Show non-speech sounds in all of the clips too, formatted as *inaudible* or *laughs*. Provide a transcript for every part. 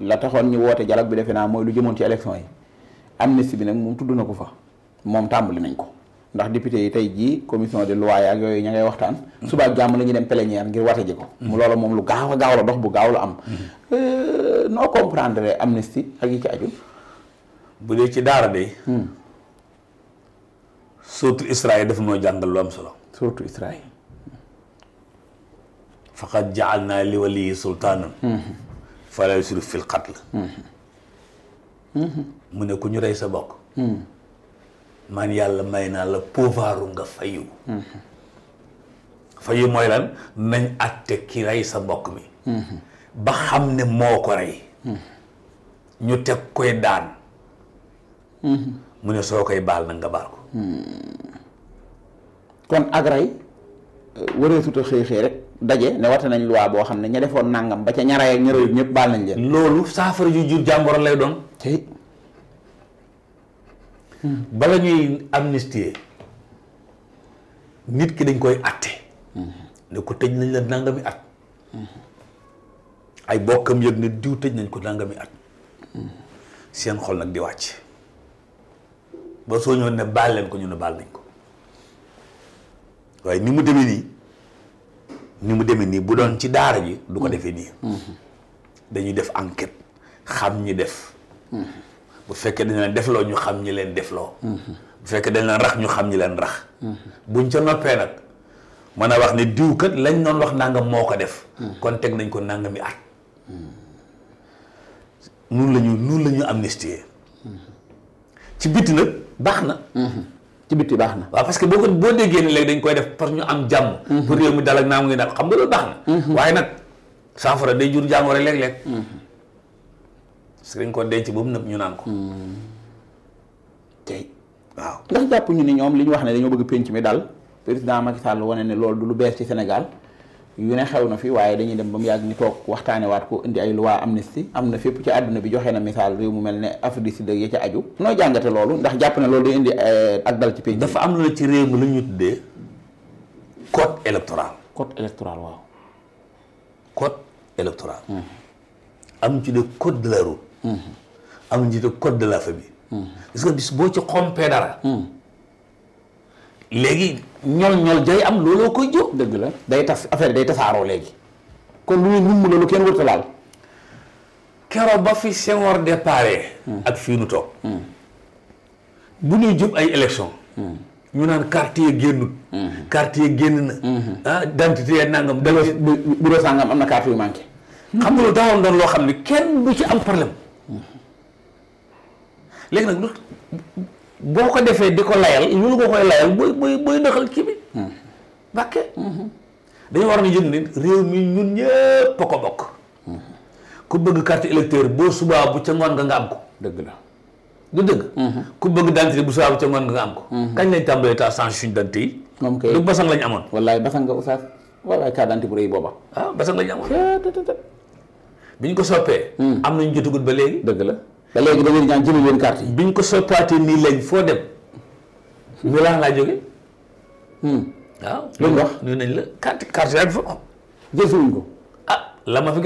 la taxoon ñu woote dialogue bi defe naa mooy lu jëmoon ci élection yi amnistie bi nag moom tudd na ko fa moom tàmbali nañ ko ndax député yi tey jii commission de luwaaye ak yooyu ña ngay waxtaan suba jàmm la ñuy dem plénière ngir wate ji ko mu loola moom lu gaaw a gaaw la dox bu gaaw la am euh, noo comprendre amnistie ak yi ci aju bu dee ci daara de hmm. surtout Israël dafa noo jàngal lu am solo surtout Israël faqad ja'alna li waliyi sultaanan hmm. falaa yusrif fil qatl mu ne ku ñu rey sa bokk man yàlla may naa la pouvoiru nga fayu fayu mooy lan nañ àtte ki rey sa bokk mi ba xam ne moo ko rey ñu teg koy daan mu ne soo koy baal nag nga baal ko kon ak rey wareetut a xëy xëy rek daje ne wate nañ loi boo xam ne ña defoon nangam ba ca ñaray ak ñaray ñëpp baal nañ leen. loolu saafara ju jur jàmboro lay doon. tey bala ñuy amnistie nit ki dañ koy atte mm-hmm. ne ko tëj nañ la nangami at. Mm-hmm. ay bokkam yëg ne diw tëj nañ ko nangami at. Mm-hmm. seen xol nag di wàcc. ba soo ñëwoon ne baal leen ko ñu ne baal nañ ko waaye ni mu demee nii. ni mu demee nii bu doon mm. ci daara ji du ko mm. defee nii mm-hmm. dañuy def enquête xam ñi def mm-hmm. bu fekkee dañ leen defloo ñu xam ñi leen def loo mm-hmm. bu fekkee dañ leen rax ñu xam ñi leen rax buñ ca noppee nag mën a wax ne diw kat lañ doon wax nangam moo ko def mm. kon teg nañ ko nangami at nun lañu nun la ñu amnistier ci biti nag baax na ci bitti baax na waaw parce que boo ko boo déggee ni léegi dañ koy def parce que ñu am jàmm mhm. pour réew mi dal ak naa mu ngi daal xam nga loolu baax na mhm. waaye nag saafara day jur jàngoro léeg-léeg mhm. dañ ko denc ba mu nëb ñu naan ko tey waaw ndax jàpp ñu ni ñoom li ñu wax ne dañoo bëgg pénc mi dal président Macky Sall wane ne loolu du lu bees ci Sénégal yu ne xew na fi waaye dañuy dem ba mu yàgg ñu toog waxtaane waat ko indi ay loi amnistie am na fépp ci àdduna bi joxe na misaal réew mu mel ne Afrique du Sud ya ca aju noo jàngate loolu ndax jàpp ne loolu day indi eh, ak dal ci pénc dafa am lu ne ci réew mi lu ñu tuddee code électoral code électoral waaw code électoral hmm. am ci de code de la route hmm. am ci parce que bis boo ci xompee dara hmm. léegi ñol-ñol day am looloo koy jóg. dëgg la day tas affaire day tasaaroo léegi. kon lu muy numb loolu kenn warut a laal. keroog ba fi Senghor déparé. Hmm. ak fii toog. Hmm. bu ñuy jub ay élection hmm. ñu naan quartier génn na. ah dentité nangam. bureau bureau sangam am na quartier yu manqué. xam loo xam ne kenn du ci am problème. léegi nag boo ko defee di ko layal loolu nga koy layal booy booy booy doxal kii bi. Mbàkke hmm. hmm. dañu war na jënd réew mi ñun ñëpp a ko bokk. Hmm. ku bëgg carte électeur boo subaa bu ca ngoon nga nga am ko. dëgg la du dëgg. ku bëgg dentité bu subaa bu ca ngoon nga nga am ko. kañ lañ tàmbalee ta change suñu dentité yi. moom kay du basang lañu amoon. wallaay basang nga oustaz wallaay carte d'identité bu rëy booba. ah basang lañ amoon. bi ñu ko soppee. am nañu jotugul ba léegi dëgg la. ba léegi da ngeen ñaan jëli leen carte yi. bi ñu ko soppaatee nii lañ foo dem. ñu hmm. laa laa jógee. Hmm. waaw. lu wax ñu nañ la carte carte yaa ngi fa. Ah, gis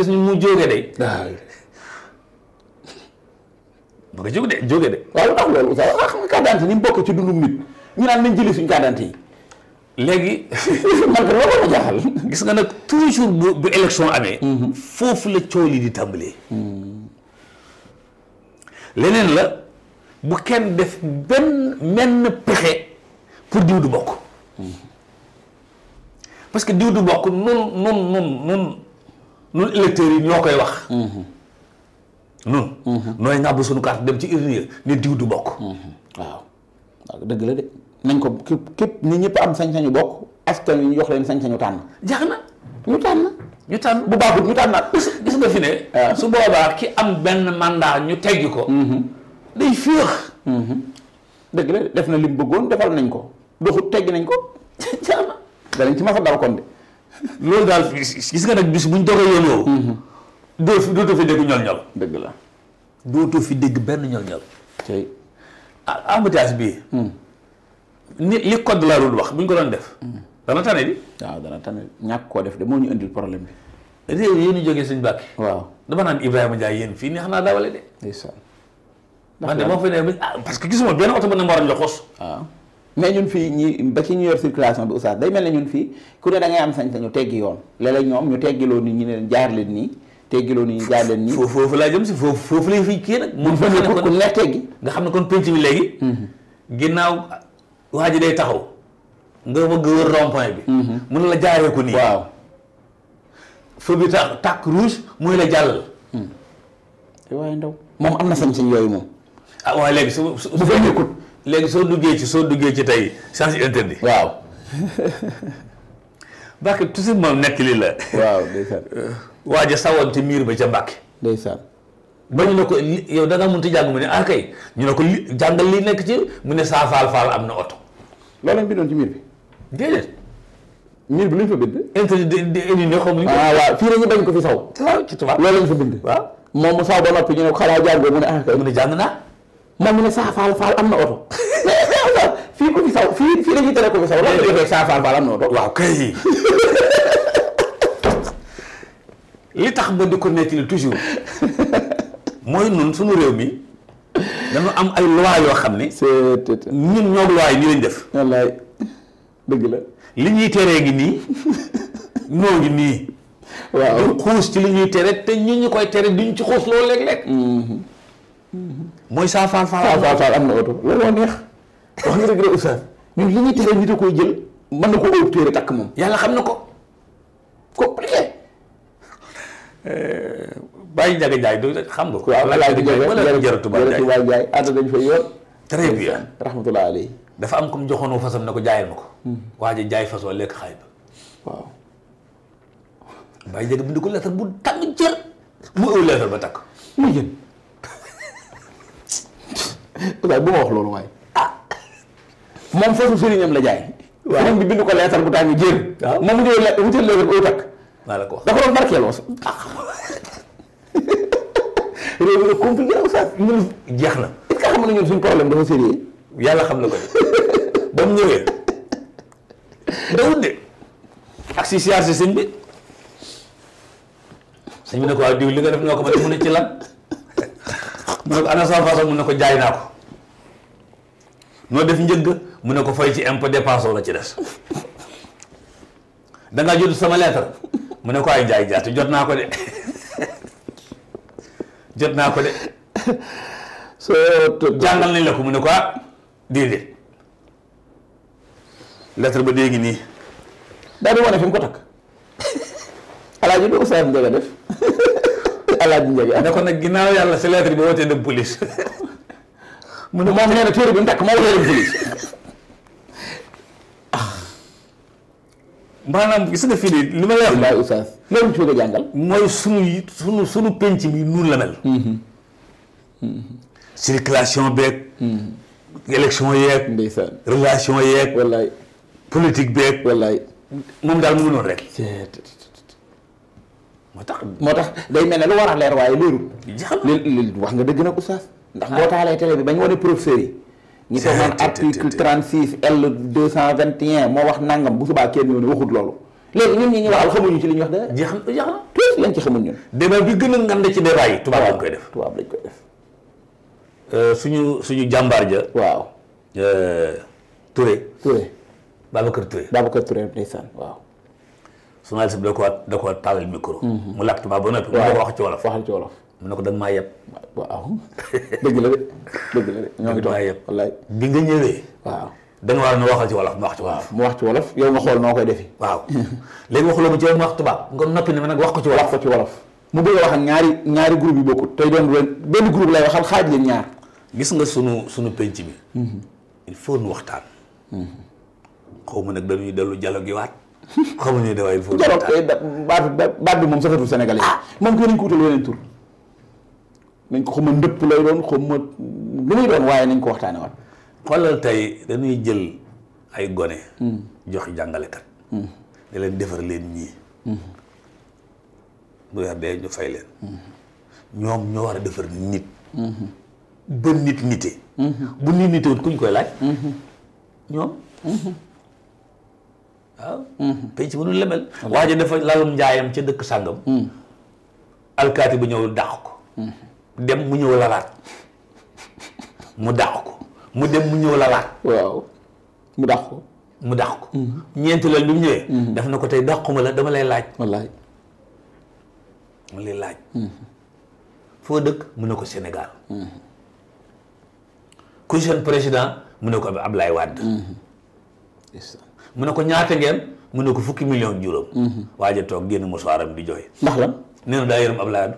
ñu mu jóge de. waaw. ba nga jóg de jóge waaw ndax loolu sax xam nga carte ni mu bokk ci dundu nit ñu naan nañ jëli suñu carte d'identité léegi. *laughs* man ko loolu la jaaxal. gis nga nag toujours jours bu élection amee. Hmm. foofu la coow di tàmbalee. leneen la bu kenn def benn menn pexe pour diw du bokk parce que diw du bokk nun nun nun nun nun yi ñoo koy wax nun nooy ngàbb suñu carte dem ci urne ya ne diw du bokk waaw dëgg la de nañ ko képp képp nit ñëpp am sañ-sañu bokk askan wi ñu jox leen sañ-sañu tànn jeex na ñu tànn ñu tànn bu baaxul ñu tànnaat gis nga fi ne ah. su boobaa ki am benn mandat ñu teggi ko mm-hmm. day féex mm-hmm. dëgg la def na lim bëggoon defal nañ ko doxut teggi nañ ko *laughs* jaama danañ ci ma fa dal kon de loolu daal gis nga nag bis ñu doga yoon woowu mm-hmm. doo fi dootu fi dégg ñol ñol dëgg la dootu fi dégg benn ñol ñol tey ah, embouteillage bii mm. ni li code de la route wax buñ ko doon def mm. dana tane di waaw ah, dana tane ñàkk koo def de moo ñu indil problème bi réew yéen ñu jógee suñ bàkke waaw dama naan Ibrahima Ndiaye yéen fii neex naa dawale de ndeysaan man de moo fi ne ah, parce que gisuma benn oto bu ne mboran joxos waaw ah. mais fii ñi ba ci ñu yor circulation bi oustaz day mel ne ñun fii ku ne da ngay am sañ-sañu teggi yoon léeg-léeg ñoom ñu loo nit ñu ne leen jaar leen nii teggiloo nit ñu jaar leen nii foofu laa jëm si foofu foofu lay fii kii nag mun fa ne ku ne teggi nga xam ne kon pénc bi léegi mm-hmm. ginnaaw waa ji day taxaw nga bëgg wër rond bi. mun mhm. la jaaree ko nii. waaw feu bi tax tàkk rouge muy la jàll. Mhm. Eh waaye ndaw moom am na sañ-sañ yooyu moom. ah waaye léegi su léegi soo duggee ci soo duggee ci tey sens interdit. waaw. *laughs* Mbacke toujours moom nekk li la. waaw ndeysaan. *laughs* waa ja sawoon ci miir ba ca Mbacke. ndeysaan. ba ñu ne ko yow da nga mënut a jàng mu ne ah kay ñu ne ko li jàngal li nekk ci mu ne saa faal faal am na oto. loolu lañ bindoon ci miir bi. déedéet. miir bi lu ñu fa bind. interdit ma. ah ko fi saw. waaw ah, ci tubaab loolu lañ fa bind. waaw moom mu saw ba noppi ñu ne ne ah kay mu ne jàng naa. moom mu faal faal am na oto. *laughs* fii ko fi saw fii la ñu *laughs* li tax ba di ko nettali toujours mooy nun suñu réew mi dañu am ay loi yoo xam ni c'est ñun ñoom loi yi nii def. dëgg li ñuy teree ngi nii noo ngi nii. waaw xuus ci li ñuy tere te ñun ñu koy tere duñ ci xuus loolu lekk léeg mm-hmm. mm-hmm. mooy saa faal faal. saa faal faal am na oto loolu neex. wax nga dëgg la oustaz ñun li ñuy tere ñu da koy jël mën na ko ëpp téere takk moom. yàlla xam na ko compliqué. Eh, bàyyi njaga njaay du xam nga. waaw laaj bi jaay wala jaratu dañ fa yoon. très bien rahmatulah aleyhi. dafa am comme joxoonoo fasam ne ko jaayal ma ko. Hmm. waa ji jaay fasoo lekk xay ba. waaw. bàyyi jëgg bind ko lettre bu tàng jër takk. bu ma wax loolu waaye. ah moom la jaay. waaw ko lettre bu tàng jër. waaw moom mu ñëw la ko wax na ah. *laughs* jeex na. xam nga ñun suñu problème dafa sérieux. yàlla xam na ko de *laughs* mu ak si si sëñ bi sëñ bi ne ko ak diw li nga def noo ko ma ne mu ne ci lan mu ne ko ana sama façon mu ko jaay naa ko noo def njëgg mu ne ko fay ci impôt dépense la ci des da ngaa jot sama lettre mu ne ko ay jaay jaate jot naa ko de jot naa ko de. *laughs* soo jàngal nañ la ko mu ne ko ah déedéet lettre ba léegi nii daal di wane fi mu ko takk *laughs* alaaji bi Oustaz Ndiaga def *laughs* alaaji Ndiaga ne ko nag ginnaaw yàlla si lettre bi wootee dem police *laughs* mu na téere mu takk moo wootee dem police ah. maanaam gis nga fii de mooy sunu sunu sunu penc bi nuun la mel. Mm-hmm. Mm-hmm. circulation beeg. Mm-hmm. élection yeeg. ndeysaan relation yeeg. wallaay politique beeg. wallaay moom daal mu ngi noonu rek. moo tax moo tax day mel ne lu war a leer waaye leerul. li wax nga dëgg nag oustaz. ndax boo taalee télé bi bañ wane professeur yi. ñi ko naan article 36 L 221 moo wax nangam bu subaa kenn yoon waxut loolu. léegi ñun ñi ñu waxal xamuñu ci li ñu wax dara. jeex na jeex na tuuti lañ ci xamul ñun. débat bi gën a ngand ci débat yi. tubaab koy def tubaab lañ koy def. Euh, suñu suñu jàmbaar ja waaw euh, Touré Touré Babacar Touré Babacar Touré ndeysaan waaw journaliste bi da ko da ko taalal micro mhm. mu làkk tubaab ba noppi mu ne ko wax ci wolof waxal ci wolof mu ne ko danga maa yeb waaw *laughs* dëgg la de dëgg ñoo ngi toog maa yeb wallaay bi nga ñëwee waaw da nga war ci wolof wax ci mu wax ci wolof yow nga xool noo koy defee waaw léegi waxuloo ma ci wolof ma wax tubaab nga noppi wax ko ci wolof ko ci wolof mu bëgg a wax ak ñaari ñaari groupe yu bokkut tey doon benn groupe lay waxal xaaj leen ñaar gis nga sunu sunu penc bi mhm. il faut nu waxtaan. Mhm. xaw ma nag dañuy dellu dialogue gi waat. xaw ma ne da waaye il faut. dialogue eh, baat baat bi moom safatul Sénégalais yi. Ah! moom kii nañ ko wutal yeneen tur. nañ ko xaw ma ndëpp lay doon xaw ma lu muy doon waaye nañ ko waxtaanee waat. xoolal tey dañuy jël ay gone. Mm. jox jàngalekat. Mm. ne leen defar leen ñii. Mm. bu weer dee ñu fay leen. ñoom ñoo war a defar nit. Mm-hmm. ba nit nite. Mm-hmm. bu nit nite woon kuñ koy laaj. Mm-hmm. ñoom. Mm-hmm. waaw. penc mënul lemel. waa ji dafa lalum njaayam ca dëkk sàngam. Mm. alkaati bu ñëw dàq ko. dem mu ñëw lalaat mu dàq ko mu dem mu ñëw lalaat. waaw mu dàq ko. mu dàq ko. ñeenti la lu mu ñëwee. def na ko tey dàquma la dama lay laaj. wallaay dama lay laaj. foo dëkk mu ne ko Sénégal. ku jeune mu ne ko Ablaye Wade. mu ne ko ñaata ngeen mu ne ko fukki million juróom. waaj a toog génn mosaaram di jooy. ndax lan nee na daa yërëm Ablaye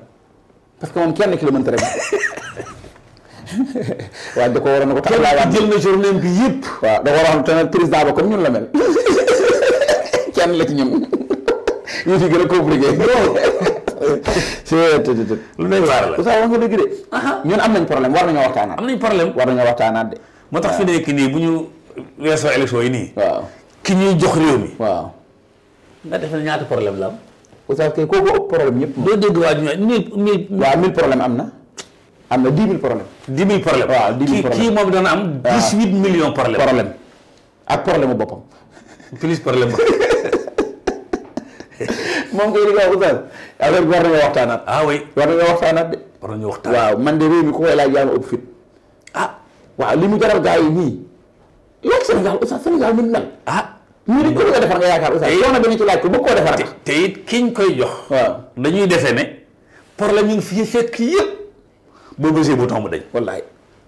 parce que moom kenn ki la mënta *laughs* da ko waroon na ko tax Ablaye Wade jël na journée bi yëpp. waaw da waroon te nag président ba comme ñun la mel. *laughs* kenn la ci ñun. *laughs* ñu ci gën a compliqué. *laughs* lu nekk waar la Oustaz wax nga dëgg de ñun am nañ problème war nañoo am nañ problème war nañoo waxtaanaat moo tax fi nekk nii bu ñu weesoo élection yi nii waaw ki ñuy jox réew mi waaw nga def na ñaata problème la am Oustaz kay kooku ëpp problème yëpp doo dégg ñu mille mille waaw am na am na dix mille problème dix mille problème waaw dix mille problème kii moom dana am dix huit millions problème problème ak problème boppam plus *laughs* *laughs* moom koy li nga wax oustaz affaire bi war nañoo waxtaanaat. ah oui war nañoo waxtaanaat de. war nañoo waaw man de réew mi ku koy laaj yaa ma ah. li mu jaral gars yi nii laaj Sénégal oustaz Sénégal mun mel. ah ñu ne ko bëgg a defar nga yaakaar oustaz. yow na benn ci laaj ko bëgg koo defar koy jox. waaw dañuy defe ne problème yi nga fi fekk yëpp boo bësee bu tomb dañ. wallaay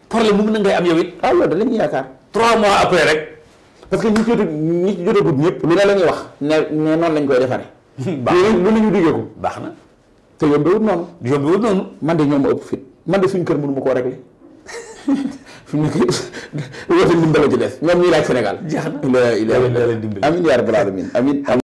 problème mu na ngay am yow it. ah loolu da la ñuy trois mois après rek. parce que ñi ci jot ñi ñëpp. lu ne la ñuy wax. ne ne noonu lañ koy defaree. baax na lu ñu diggee ko baax na te yombewut noonu yombewut noonu man de ñoom ma ëpp fit man de suñ kër mënu ma koo régler *laughs* fi mu nekk *laughs* woote ndimbal la ci des ñoom ñuy laaj Sénégal jeex na ila ila ila amiin